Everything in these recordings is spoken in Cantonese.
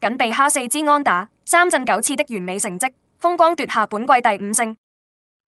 僅被敲四支安打，三振九次的完美成績，風光奪下本季第五勝。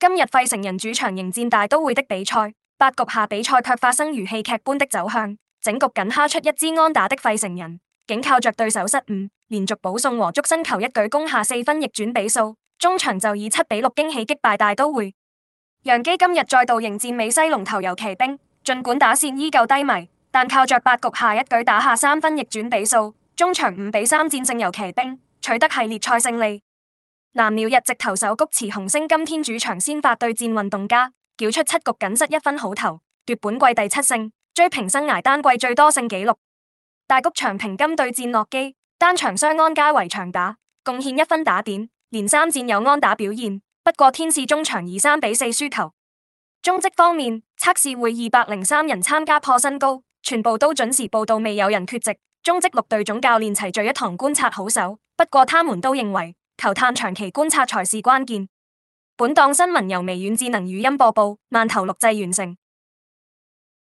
今日費城人主場迎戰大都會的比賽，八局下比賽卻發生如戲劇般的走向，整局僅敲出一支安打的費城人，僅靠着對手失誤，連續保送和觸身球一舉攻下四分，逆轉比數，終場就以七比六驚喜擊敗大都會。洋基今日再度迎戰美西龍頭遊騎兵，儘管打線依舊低迷，但靠着八局下一舉打下三分，逆轉比數。中場五比三戰勝遊騎兵，取得系列賽勝利。藍鳥日籍投手谷池雄星今天主場先發對戰運動家，繳出七局僅失一分好投，奪本季第七勝，追平生涯單季最多勝紀錄。大谷翔平今對戰洛基，單場雙安皆為長打，貢獻一分打點，連三戰有安打表現。不過天使中場以三比四輸球。中職方面，測試會二百零三人參加破新高，全部都準時報到，未有人缺席。中職六隊總教練齊聚一堂觀察好手，不過他們都認為球探長期觀察才是關鍵。本檔新聞由微軟智能語音播報，慢頭錄製完成。